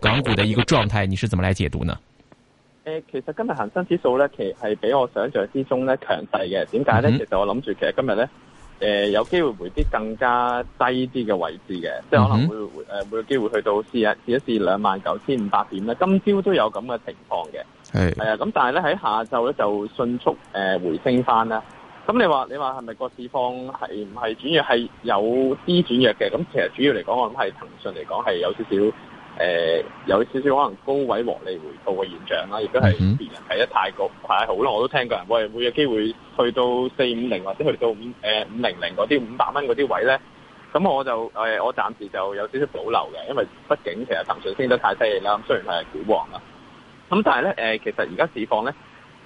港股嘅一個狀態，你是怎麼來解讀呢？誒，其實今日恒生指數咧，其係比我想象之中咧強勢嘅。點解咧？其實我諗住其實今日咧，誒，有機會回啲更加低啲嘅位置嘅，嗯，即係可能會誒、呃、會有機會去到試一試一試兩萬九千五百點啦。今朝都有咁嘅情況嘅，係係啊。咁、呃、但係咧喺下晝咧就迅速誒回升翻啦。咁你話你話係咪個市況係唔係轉弱，係有啲轉弱嘅？咁其實主要嚟講，我諗係騰訊嚟講係有少少。誒、呃，有少少可能高位獲利回報嘅現象啦，亦都係啲別人睇得太過睇好啦，我都聽過人喂，會有機會去到四五零或者去到五誒五零零嗰啲五百蚊嗰啲位咧，咁我就誒、呃、我暫時就有少少保留嘅，因為畢竟其實騰訊升得太犀利啦，雖然係股王啦，咁但係咧誒其實而家市況咧。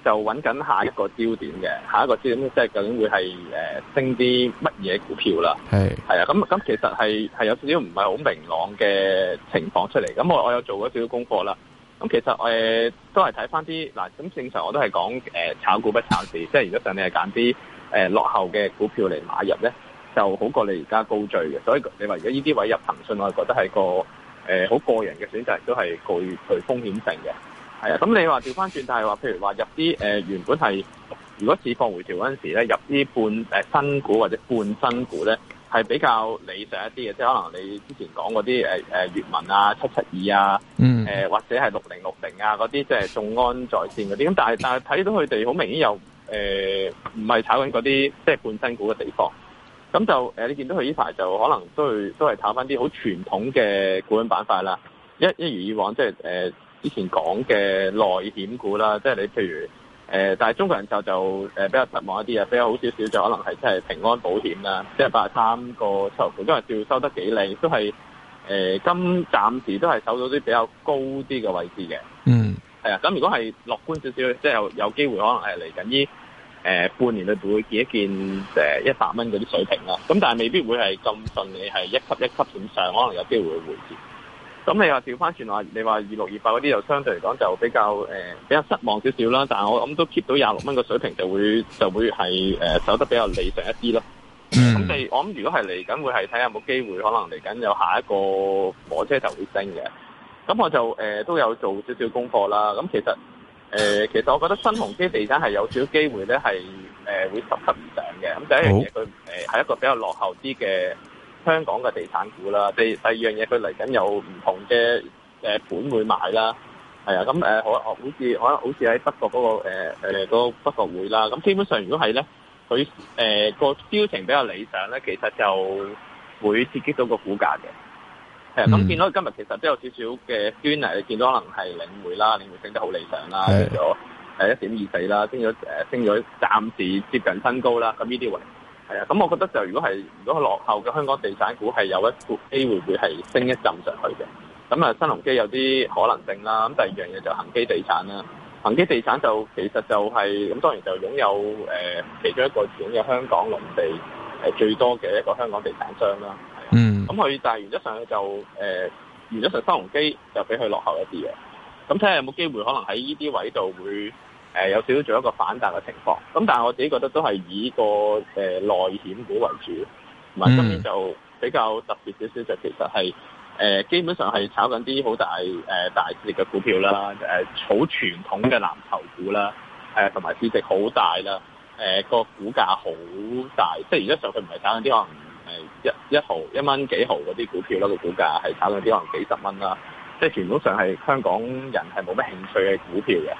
就揾緊下一個焦點嘅，下一個焦點即係究竟會係升啲乜嘢股票啦？係係啊，咁咁其實係係有少少唔係好明朗嘅情況出嚟。咁我我有做咗少少功課啦。咁其實我都係睇翻啲嗱。咁正常我都係講、呃、炒股不炒市，即係如果上你係揀啲落後嘅股票嚟買入咧，就好過你而家高追嘅。所以你話而家呢啲位入騰訊，我覺得係個、呃、好個人嘅選擇，都係具具風險性嘅。係啊，咁你話調翻轉，但係話，譬如話入啲誒、呃，原本係如果市況回調嗰陣時咧，入啲半誒、呃、新股或者半新股咧，係比較理性一啲嘅，即係可能你之前講嗰啲誒誒閱文啊、七七二啊，誒、呃、或者係六零六零啊嗰啲，即係、就是、眾安在線嗰啲，咁但係但係睇到佢哋好明顯又誒唔係炒緊嗰啲即係半新股嘅地方，咁就誒、呃、你見到佢呢排就可能都係都係炒翻啲好傳統嘅股份板塊啦，一一如以往即係誒。就是呃之前講嘅內險股啦，即係你譬如誒、呃，但係中國人壽就誒、呃、比較失望一啲啊，比較好少少就可能係即係平安保險啦，即係八三個收盤，因為照收得幾靚，都係誒、呃、今暫時都係守到啲比較高啲嘅位置嘅。嗯、mm.，係啊，咁如果係樂觀少少，即係有有機會可能係嚟緊呢誒半年裏邊會見一見誒一百蚊嗰啲水平啦。咁但係未必會係咁順利，係一級一級咁上，可能有機會回跌。咁你話調翻轉話，你話二六二八嗰啲就相對嚟講就比較、呃、比較失望少少啦。但我諗都 keep 到廿六蚊個水平就會就會係誒走得比較理想一啲咯。咁、嗯、我我諗如果係嚟緊會係睇下有冇機會，可能嚟緊有下一個火車就會升嘅。咁我就誒、呃、都有做少少功課啦。咁其實、呃、其實我覺得新鴻基地產係有少少機會咧係、呃、會十級以上嘅。咁第一樣嘢佢誒係一個比較落後啲嘅。香港嘅地產股啦，第第二樣嘢佢嚟緊有唔同嘅誒盤會買啦，係啊，咁誒好好似可能好似喺德國嗰個誒誒嗰個北角會啦，咁基本上如果係咧，佢誒個標情比較理想咧，其實就會刺激到個股價嘅。係啊，咁見到今日其實都有少少嘅端倪，你見到可能係領匯啦，領匯升得好理想啦，升咗誒一點二四啦，升咗誒升咗暫時接近新高啦，咁呢啲位。係啊，咁我覺得就如果係如果佢落後嘅香港地產股係有一個機會會係升一陣上去嘅，咁啊新鴻基有啲可能性啦，咁第二樣嘢就恒基地產啦，恒基地產就其實就係、是、咁當然就擁有、呃、其中一個擁有香港農地、呃、最多嘅一個香港地產商啦，mm. 嗯，咁佢但係原則上就原則、呃、上新鴻基就比佢落後一啲嘅，咁睇下有冇機會可能喺呢啲位度會。誒、呃、有少少做一個反彈嘅情況，咁、嗯、但係我自己覺得都係以個誒、呃、內險股為主，同埋今年就是、比較特別少少就是、其實係誒、呃、基本上係炒緊啲好大誒、呃、大市值嘅股票啦，誒、呃、好傳統嘅藍籌股啦，誒同埋市值好大啦，誒、呃、個股價好大，即係而家上佢唔係炒緊啲可能誒一一毫一蚊幾毫嗰啲股票咯，個股價係炒緊啲可能幾十蚊啦，即係全本上係香港人係冇乜興趣嘅股票嘅。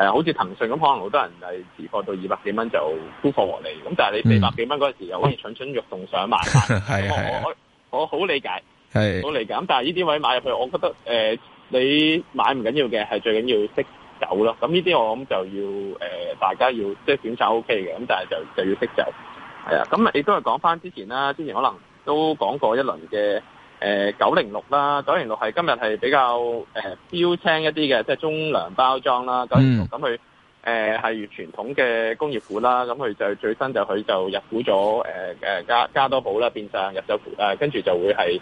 係，好似騰訊咁，可能好多人係持貨到二百幾蚊就沽貨落嚟。咁但係你四百幾蚊嗰時又、嗯、可以蠢蠢欲動想買， 我我好理解，好理解。咁但係呢啲位買入去，我覺得誒、呃，你買唔緊要嘅，係最緊要識走咯。咁呢啲我諗就要誒、呃，大家要即係選擇 O K 嘅。咁但係就就要識走係啊。咁你都係講翻之前啦，之前可能都講過一輪嘅。誒九零六啦，九零六係今日係比較誒標青一啲嘅，即、呃、係中糧包裝啦。嗯。九零六。咁佢誒係傳統嘅工業股啦，咁佢就最新就佢就入股咗誒、呃、加加多寶啦，變相入咗股誒，跟、呃、住就會係誒、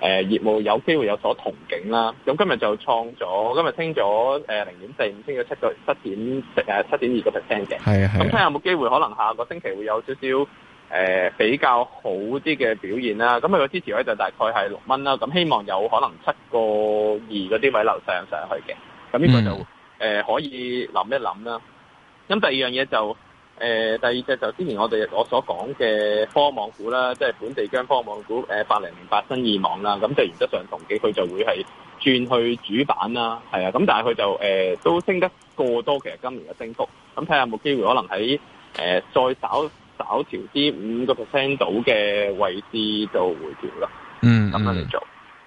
呃、業務有機會有所憧憬啦。咁今日就創咗，今日升咗誒零點四五，升咗七個七點七點二個 percent 嘅。係啊係啊。咁睇下有冇機會可能下個星期會有少少。誒、呃、比較好啲嘅表現啦，咁佢嘅支持位就大概係六蚊啦，咁希望有可能七個二嗰啲位樓上上去嘅，咁呢個就誒、嗯呃、可以諗一諗啦。咁第二樣嘢就誒、呃、第二隻就之前我哋我所講嘅科網股啦，即、就、係、是、本地將科網股，誒八零零八新意網啦，咁就原則上同幾佢就會係轉去主板啦，係啊，咁但係佢就誒、呃、都升得過多，其實今年嘅升幅，咁睇下冇機會可能喺誒、呃、再炒。稍調啲五個 percent 到嘅位置做回調啦，嗯，嗯，咁樣嚟做。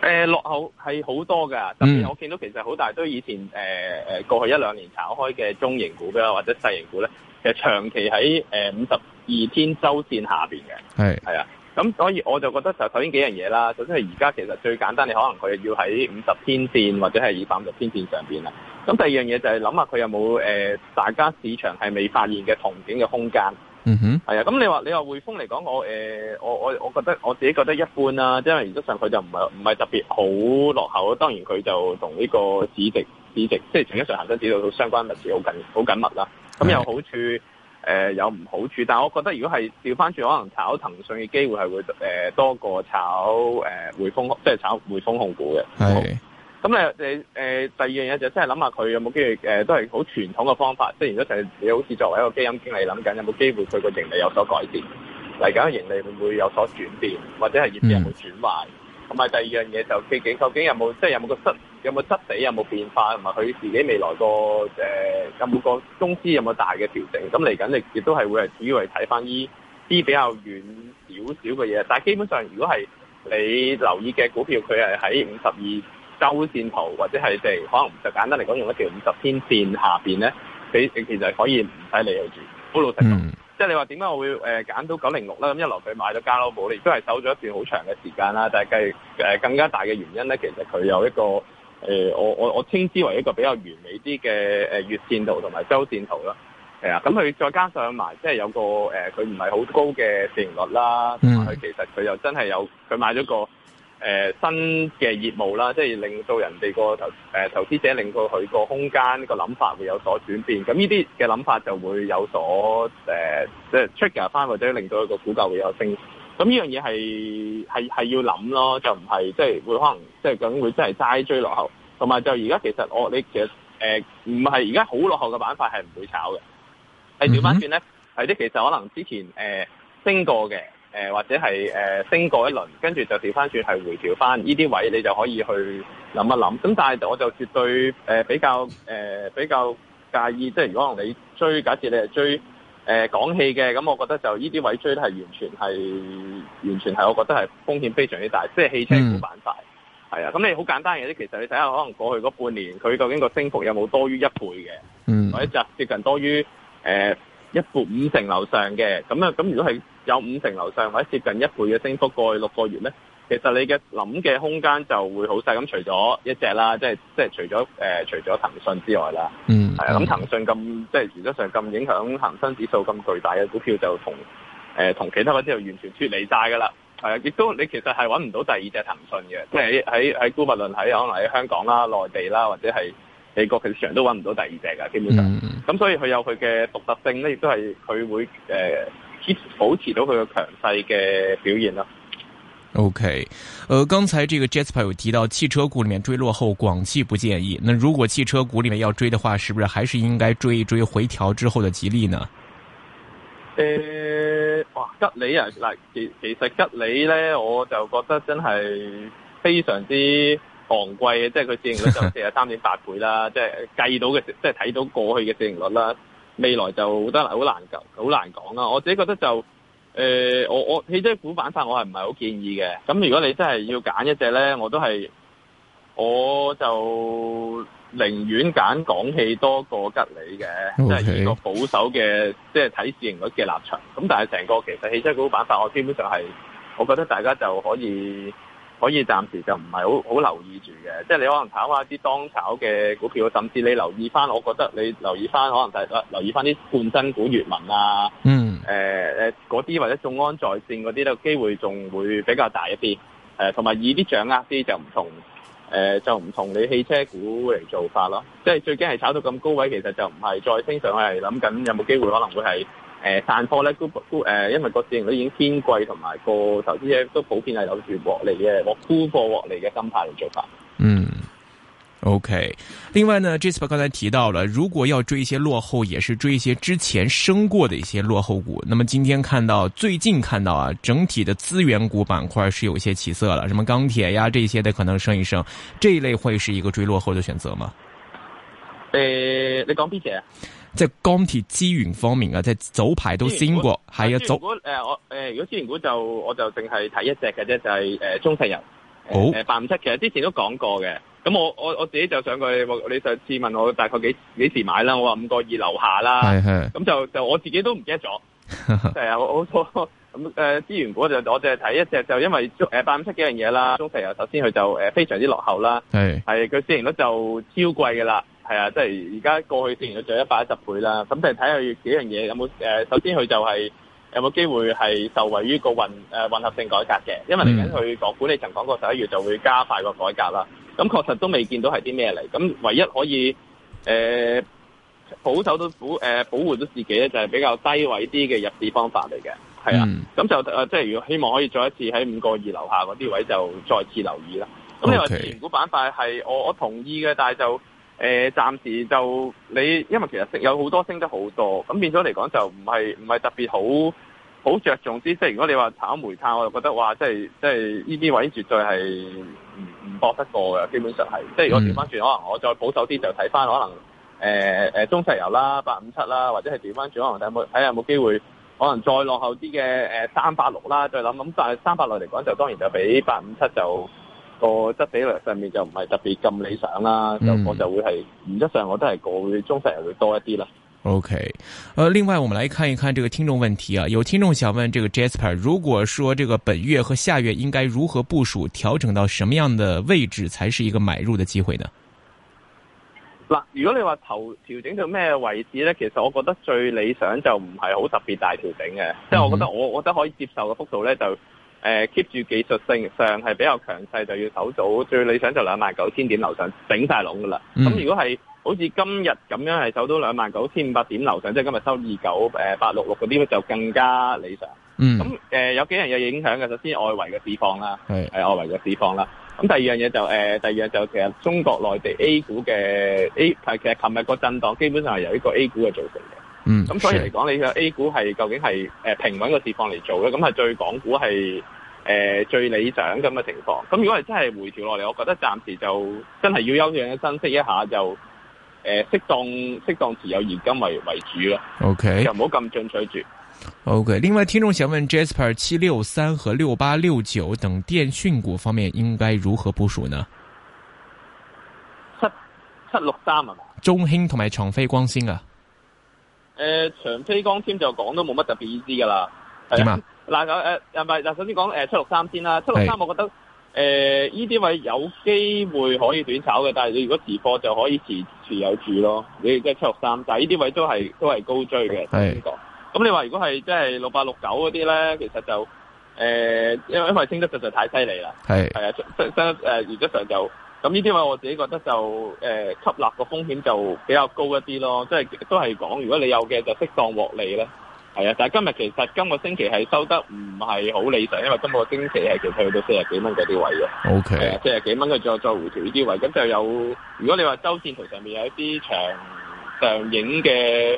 誒、呃，落後係好多噶，特別我見到其實好大堆以前誒誒、呃、過去一兩年炒開嘅中型股啦，或者細型股咧，其實長期喺誒五十二天周線下邊嘅係係啊。咁所以我就覺得就頭先幾樣嘢啦，首先係而家其實最簡單，你可能佢要喺五十天線或者係二百五十天線上邊啦。咁第二樣嘢就係諗下佢有冇誒、呃，大家市場係未發現嘅憧憬嘅空間。嗯、mm-hmm. 哼，係啊，咁你話你話匯豐嚟講，我誒、呃，我我我覺得我自己覺得一般啦、啊，即、就、係、是、原則上佢就唔係唔係特別好落後，當然佢就同呢個市值市值，即係整體上恒生指數相關物事好緊好緊密啦、啊，咁有好處誒、呃，有唔好處，但係我覺得如果係調翻轉，可能炒騰訊嘅機會係會誒、呃、多過炒誒匯豐，即係炒匯豐控股嘅。Mm-hmm. 咁你誒第二樣嘢就即係諗下佢有冇機會誒、呃，都係好傳統嘅方法。即係如果就你好似作為一個基金經理諗緊，有冇機會佢個盈利有所改變？嚟緊個盈利會唔會有所轉變，或者係業績有冇轉壞？同、嗯、埋第二樣嘢就究、是、竟究竟有冇即係有冇個質有冇質地有冇變化，同埋佢自己未來個誒有冇個公司有冇大嘅調整？咁嚟緊亦亦都係會係主要係睇翻呢啲比較遠少少嘅嘢。但係基本上，如果係你留意嘅股票，佢係喺五十二。周線圖或者係即係可能就簡單嚟講，用一條五十天線下邊咧，你你其實可以唔使理佢住，好老實講。即係你話點解我會誒揀到九零六啦？咁一來佢買咗加多寶，你亦都係走咗一段好長嘅時間啦。但係，誒更加大嘅原因咧，其實佢有一個誒、呃，我我我稱之為一個比較完美啲嘅誒月線圖同埋周線圖咯。係啊，咁佢再加上埋即係有個誒，佢唔係好高嘅市盈率啦。嗯，佢其實佢又真係有佢買咗個。誒、呃、新嘅業務啦，即係令到人哋個投誒投資者令到佢個空間個諗法會有所轉變，咁呢啲嘅諗法就會有所誒、呃，即係 trigger 翻或者令到一個股價會有升。咁呢樣嘢係係係要諗咯，就唔係即係會可能即係咁會真係齋追落後。同埋就而家其實我、哦、你其實誒唔係而家好落後嘅板塊係唔會炒嘅，係調翻轉咧係啲其實可能之前誒、呃、升過嘅。誒、呃、或者係誒、呃、升過一輪，跟住就調翻轉係回調翻，呢啲位你就可以去諗一諗。咁但係我就絕對誒、呃、比較誒、呃、比較介意。即係如果可能你追，假設你係追誒港、呃、氣嘅，咁我覺得就呢啲位追係完全係完全係我覺得係風險非常之大，即係汽車股板塊。係、mm. 啊，咁你好簡單嘅啫。其實你睇下，可能過去嗰半年佢究竟個升幅有冇多於一倍嘅，mm. 或者就接近多於誒。呃一倍五成樓上嘅，咁啊咁，如果係有五成樓上或者接近一倍嘅升幅過去六個月咧，其實你嘅諗嘅空間就會好細。咁除咗一隻啦，即係即係除咗誒、呃，除咗騰訊之外啦，嗯，係啊，咁騰訊咁即係原則上咁影響恒生指數咁巨大嘅股票就，就同誒同其他嗰啲就完全脫離晒噶啦。係啊，亦都你其實係揾唔到第二隻騰訊嘅，即係喺喺喺姑勿論睇，可能喺香港啦、內地啦，或者係。美國其實常都揾唔到第二隻噶，基本上，咁、嗯、所以佢有佢嘅獨特性咧，亦都係佢會誒、呃、保持到佢嘅強勢嘅表現咯。OK，誒、呃，剛才這個 Jasper 有提到汽車股裏面追落後，廣汽不建議。那如果汽車股裏面要追的話，是不是還是應該追一追回調之後的吉利呢？誒、呃，哇，吉利啊，嗱，其其實吉利咧，我就覺得真係非常之。昂貴嘅，即係佢市盈率就四十三點八倍啦， 即係計到嘅，即係睇到過去嘅市盈率啦。未來就得好難好難講，好難講啦。我自己覺得就，誒、呃，我我汽車股板塊我係唔係好建議嘅。咁如果你真係要揀一隻咧，我都係，我就寧願揀廣汽多過吉利嘅，即係以個保守嘅，即係睇市盈率嘅立場。咁但係成個其實汽車股板塊，我基本上係，我覺得大家就可以。可以暫時就唔係好好留意住嘅，即係你可能炒下啲當炒嘅股票，甚至你留意翻，我覺得你留意翻，可能係留意翻啲半新股熱門啊，嗯，嗰、呃、啲或者眾安在線嗰啲咧機會仲會比較大一啲，同、呃、埋以啲掌握啲就唔同，呃、就唔同你汽車股嚟做法咯，即係最驚係炒到咁高位，其實就唔係再升上去，諗緊有冇機會可能會係。誒、呃，散貨咧，估估誒，因為個市型都已經偏貴，同埋個投資者都普遍係有住獲利嘅，我沽貨獲利嘅心態嚟做法。嗯，OK。另外呢，Jasper 剛才提到了，如果要追一些落後，也是追一些之前升過的一些落後股。那麼今天看到最近看到啊，整體的資源股板塊是有一些起色了，什麼鋼鐵呀、啊、這些的可能升一升，這一類會是一個追落後嘅選擇嗎？誒、呃，你講邊隻？即係鋼鐵資源方面嘅，即係早排都先過係啊資、呃呃。如果誒我誒如果資源股就我就淨係睇一隻嘅啫，就係、是、誒、呃、中石油。好誒八五七，其、哦、實、呃、之前都講過嘅。咁我我我自己就上去，你上次問我大概幾幾時買啦？我話五個二樓下啦。係係。咁就就我自己都唔記得咗。係 啊，我咁誒資源股就我淨係睇一隻，就因為誒八五七幾樣嘢啦。中石油首先佢就誒、呃、非常之落後啦。係係，佢市盈率就超貴嘅啦。係啊，即係而家過去四年佢就一百一十倍啦。咁就係睇下幾樣嘢有冇、呃、首先佢就係有冇機會係受惠於個混、呃、混合性改革嘅，因為嚟緊佢講管理層講過十一月就會加快個改革啦。咁確實都未見到係啲咩嚟。咁唯一可以誒、呃、保守到保、呃、保護到自己咧，就係比較低位啲嘅入市方法嚟嘅。係啊，咁、嗯啊、就、呃、即係如果希望可以再一次喺五個二樓下嗰啲位就再次留意啦。咁你話恆股板塊係我我同意嘅，但係就。誒、呃，暫時就你，因為其實升有好多升得好多，咁變咗嚟講就唔係唔係特別好好着重啲。即、就、係、是、如果你話炒煤炭，我就覺得哇，即係即係呢啲位絕對係唔唔博得過嘅，基本上係。即係如果調翻轉，可能我再保守啲就睇翻，可能誒誒、呃、中石油啦、八五七啦，或者係調翻轉可能睇有冇睇下有冇機會，可能再落後啲嘅誒三八六啦，再諗咁，但係三八六嚟講就當然就比八五七就。個質比率上面就唔係特別咁理想啦，就、嗯、我就會係原則上我都係個會中石油會多一啲啦。O、okay, K，、呃、另外我們來看一看這個聽眾問題啊，有聽眾想問，這個 Jasper，如果說這個本月和下月應該如何部署調整到什麼樣的位置才是一個買入的機會呢？嗱，如果你話調調整到咩位置呢，其實我覺得最理想就唔係好特別大調整嘅，即、嗯、係、就是、我覺得我我覺得可以接受嘅幅度呢，就。誒、呃、，keep 住技術性上係比較強勢，就要守到最理想就兩萬九千點樓上，頂晒籠噶啦。咁、嗯、如果係好似今日咁樣係守到兩萬九千五百點樓上，即係今日收二九誒八六六嗰啲咧，就更加理想。咁、嗯嗯呃、有幾樣嘢影響嘅，首先外圍嘅市況啦，係、呃、外圍嘅市況啦。咁第二樣嘢就誒、呃，第二樣就係呃第二樣就係、其實中國內地 A 股嘅 A 其實琴日個震盪基本上係由呢個 A 股嘅造成嘅。嗯，咁所以嚟講，你嘅 A 股係究竟係誒平穩嘅市況嚟做咧，咁係最港股係誒、呃、最理想咁嘅情況。咁如果係真係回調落嚟，我覺得暫時就真係要休養生息一下就，就誒適當適當持有現金為為主啦。O K，又唔好咁進取住。OK，另外聽眾想問，Jasper 七六三和六八六九等電訊股方面應該如何部署呢？七七六三啊？中興同埋長飛光纖啊？誒、呃，長飛光纖就講都冇乜特別意思噶啦，係啊。嗱，誒、呃，唔係，嗱，首先講誒、呃、七六三先啦。七六三，我覺得誒呢啲位有機會可以短炒嘅，但係你如果持貨就可以持,持有住咯。你即係七六三，但係呢啲位都係都係高追嘅，呢個。咁你話如果係即係六八六九嗰啲咧，其實就誒、呃，因為因為升得實在太犀利啦。係係啊，升誒，原則上就。咁呢啲位我自己覺得就誒、呃、吸納個風險就比較高一啲咯，即係都係講如果你有嘅就適當獲利咧，係啊！但係今日其實今個星期係收得唔係好理想，因為今個星期係其實去到四十幾蚊嗰啲位嘅。O K。係啊，四十幾蚊嘅再再回調呢啲位，咁就有如果你話周線圖上面有一啲長上影嘅。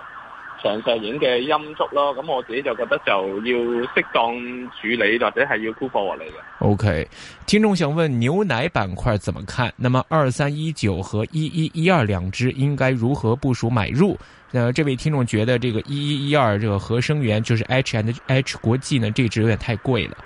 上上影嘅音速咯，咁我自己就覺得就要適當處理，或者係要沽貨嚟嘅。OK，聽眾想問牛奶板塊怎麼看？那麼二三一九和一一一二兩支，應該如何部署買入？誒，這位聽眾覺得這個一一一二，這個合生元就是 H and H 國際呢，這支有點太貴了。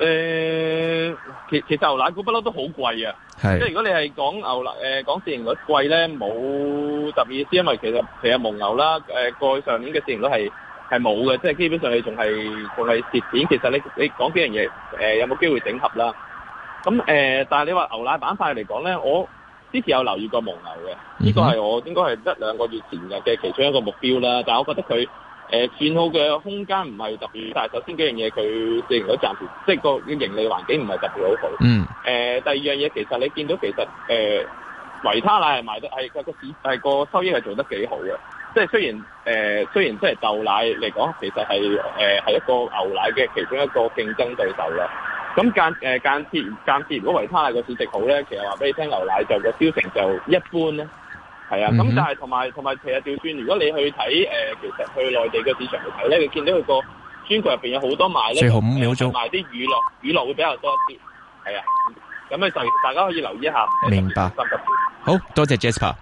誒，其其實牛奶股不嬲都好貴啊，即係如果你係講牛奶誒講市盈率貴咧，冇特別意思，因為其實其實蒙牛啦誒過去上年嘅市盈率係係冇嘅，即係基本上你仲係仲係蝕錢。其實你你講幾樣嘢誒有冇機會整合啦？咁誒，但係你話牛奶板塊嚟講咧，我之前有留意過蒙牛嘅，呢個係我應該係一兩個月前嘅嘅其中一個目標啦。但係我覺得佢。誒轉好嘅空間唔係特別但係首先幾樣嘢佢，雖然如果暫時即係個盈利環境唔係特別好好。嗯。誒、呃，第二樣嘢其實你見到其實誒、呃、維他奶係賣得係個市係個收益係做得幾好嘅，即係雖然誒、呃、雖然即係豆奶嚟講其實係誒係一個牛奶嘅其中一個競爭對手啦。咁間誒、呃、間,間,間如果維他奶個市值好咧，其實話俾你聽，牛奶就個銷成就一般咧。係、嗯、啊、嗯，咁但係同埋同埋其實調轉，如果你去睇誒、呃，其實去內地嘅市場去睇咧，你見到佢個專櫃入邊有好多賣咧，最後五秒鐘，賣啲雨落雨落會比較多一啲，係啊，咁咧就大家可以留意一下。明白。好多謝 Jessica。